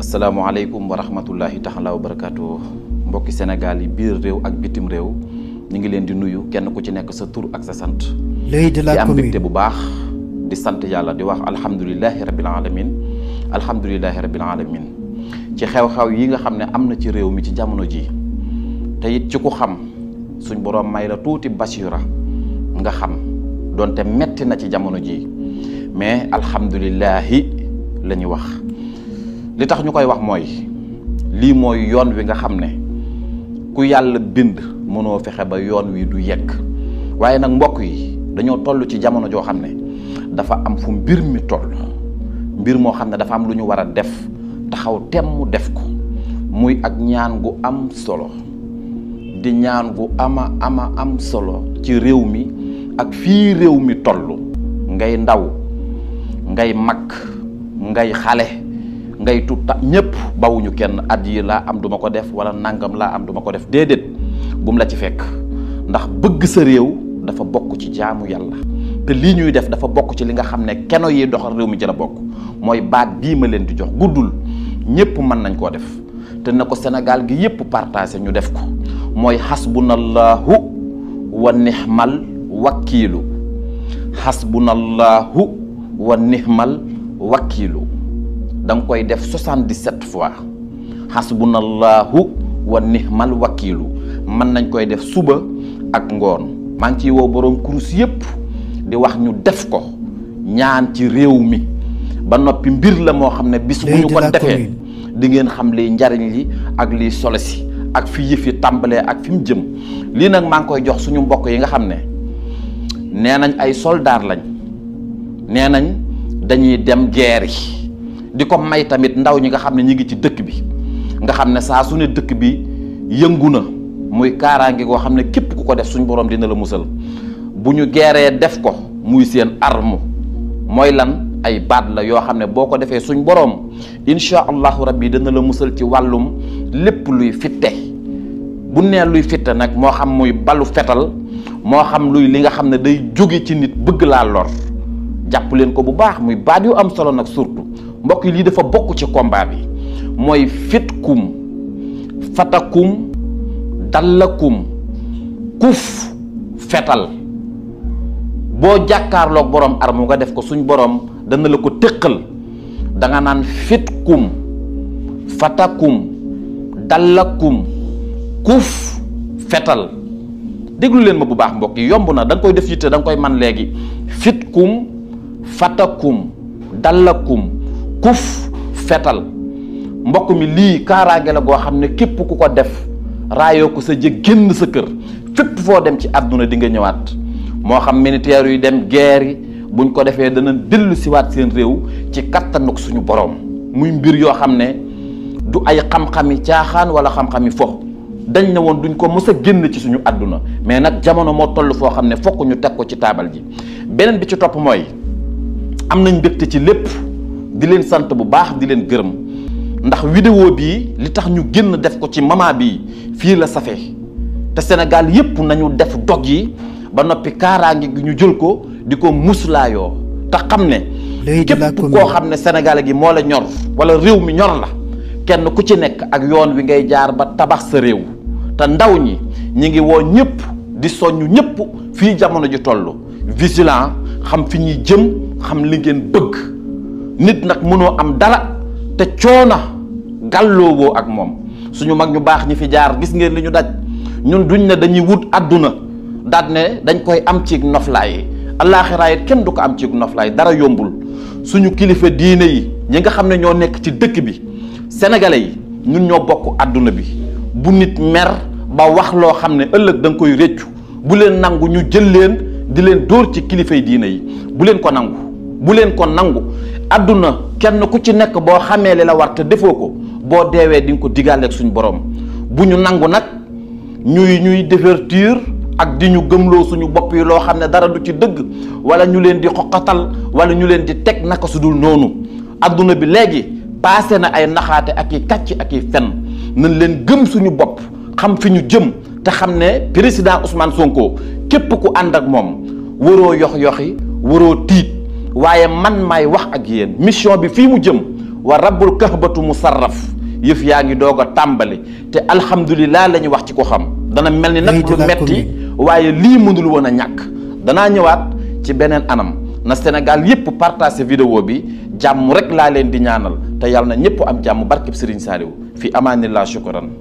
asalaamaaleykum wa rahmatullahi taxala wa barakaatu mbokki Sénégal yi biir réew ak bitim réew ñu ngi leen di nuyu kenn ku ci nekk sa tur ak sa sant. l'œil de la commune di am mbégte bu baax di sant yàlla di wax alhamdulilahi rabil alamin alhamdulilahi rabil alamin ci xew-xew yi nga xam ne am na ci réew mi ci jamono ji te it ci ku xam suñ borom may la tuuti basira nga xam donte metti na ci jamono ji mais alhamdulilahi la ñuy wax. li tax ñu koy wax mooy lii mooy yoon wi nga xam ne ku yàlla bind mënoo fexe ba yoon wi du yegg waaye nag mbokk yi dañoo toll ci jamono joo xam ne dafa am fu mbir mi toll mbir moo xam ne dafa am lu ñu war a def taxaw temm def ko muy ak ñaan gu am solo di ñaan gu ama ama am solo ci réew mi ak fii réew mi toll ngay ndaw ngay mag ngay xale ngay tut ta ñëpp bawuñu kenn at yi laa am duma ko def wala nangam laa am duma ko def déedéet bu la ci fekk ndax bëgg sa réew dafa bokk ci jaamu yàlla te lii ñuy def dafa bokk ci li nga xam ne keno yi doxal réew mi ci la bokk mooy baat bii ma leen di jox guddul ñëpp mën nañ koo def te na ko senegal gi yëpp partagé ñu def ko mooy bu xasbunallahu wa nixmal wakkiilu xasbunallahu wa nixmal wakkiilu da koy def 77 fois xasbunallahu wa nihmal wakiilu mën nañ koy def suba ak ngoon maa ngi ciy woo boroom kurus yépp di wax ñu def ko ñaan ci réew mi ba noppi mbir la moo xam ne bis bu ñu ko defee di ngeen xam liy njariñ li ak liy solo si ak fi yëf yi tàmbalee ak fi mu jëm lii nag maa ngi koy jox suñu mbokk yi nga xam ne nee nañ ay soldaar lañ nee nañ dañuy dem guerre yi di ko may tamit ndaw ñi nga xam ne ñi ngi ci dëkk bi nga xam ne saa su ne dëkk bi yëngu na muy kaaraange goo xam ne képp ku ko def suñ borom dina la musal bu ñu geeree def ko muy seen arme mooy lan ay baat la yoo xam ne boo ko defee suñ boroom incha allahu rabbi dana la musal ci wàllum lépp luy fitte bu nee luy fitte nag moo xam muy balu fetal moo xam luy li nga xam ne day jóge ci nit bëgg laa lor jàpp leen ko bu baax muy baat yu am solo nag surtout mbokk yi lii dafa bokk ci combat bi mooy fitkum fatakum dallakum kuf fetal boo jàkkaarloog borom armu nga def ko suñ borom dana la ko tëqal danga naan fitkum fatakum dallakum kuf fetal déglu leen ma bu baax mbokk yi yomb na da koy def yitte da nga koy man léegi fitkum fatakum dallakum kuf fetal mbokk mi lii kaaraange la goo xam ne képp ku ko def raayoo ko sa jë génn sa kër fépp foo dem ci àdduna di nga ñëwaat moo xam militaire yu dem guerre buñ ko defee dana dellu siwaat seen réew ci kattanuk suñu borom muy mbir yoo xam ne du ay xam-xami caaxaan wala xam-xami fo dañ ne woon duñ ko mës a génn ci suñu àdduna mais nag jamono moo toll foo xam ne fokk ñu teg ko ci taabal ji beneen bi ci topp mooy am nañ mbégte ci lépp di leen sant bu baax di leen gërëm ndax vidéo bii li tax ñu génn def ko ci mamaa bi fii la safee te Sénégal yépp nañu def dog yi ba noppi kaaraange gi ñu jël ko di ko muslaayoo te xam ne képp koo xam ne Sénégal gi moo la ñor wala réew mi ñor la kenn ku ci nekk ak yoon wi ngay jaar ba tabax sa réew te ndaw ñi ñi ngi woo ñëpp di soññu ñëpp fi jamono ji toll vigilant xam fi ñuy jëm xam li ngeen bëgg nit nag mënoo am dara te coona gàllooboo ak moom suñu mag ñu baax ñi fi jaar gis ngeen li ñu daj ñun duñ ne dañuy wut àdduna daat ne dañ koy am ci noflaay allaaxira it kenn du ko am ci noflaay dara yombul suñu kilifa diine yi ñi nga xam ne ñoo nekk ci dëkk bi sénégalais yi ñun ñoo bokk àdduna bi bu nit mer ba wax loo xam ne ëllëg da nga koy réccu bu leen nangu ñu jël leen di leen dóor ci kilifay diine yi bu leen ko nangu bu leen ko nangu àdduna kenn ku ci nekk boo xamee li la war te defoo ko boo deewee di nga ko digaaleeg suñu boroom bu ñu nangu nag ñuy ñuy divertir ak di ñu gëmloo suñu bopp yi loo xam ne dara du ci dëgg wala ñu leen di xoqatal wala ñu leen di teg naka su dul noonu àdduna bi léegi paase na ay naxaate ak yi kàcc ak i fen nañ leen gëm suñu bopp xam fi ñu jëm te xam ne président Ousmane Sonko képp ku ànd ak moom waroo yox yoxi waroo tiit. waaye man maay wax ak yéen mission bi fii mu jëm wa rabbul kahbatu musarraf yëf yaa ngi doog a tàmbali te alhamdulilah la wax ci ko xam dana mel ni nag lu metti waaye lii mënul woon a ñàkk danaa ñëwaat ci beneen anam na Sénégal yëpp partagé vidéo bi jàmm rek laa leen di ñaanal te yàlla na ñëpp am jàmm barkeb Serigne Saliou fi amaanillah shukran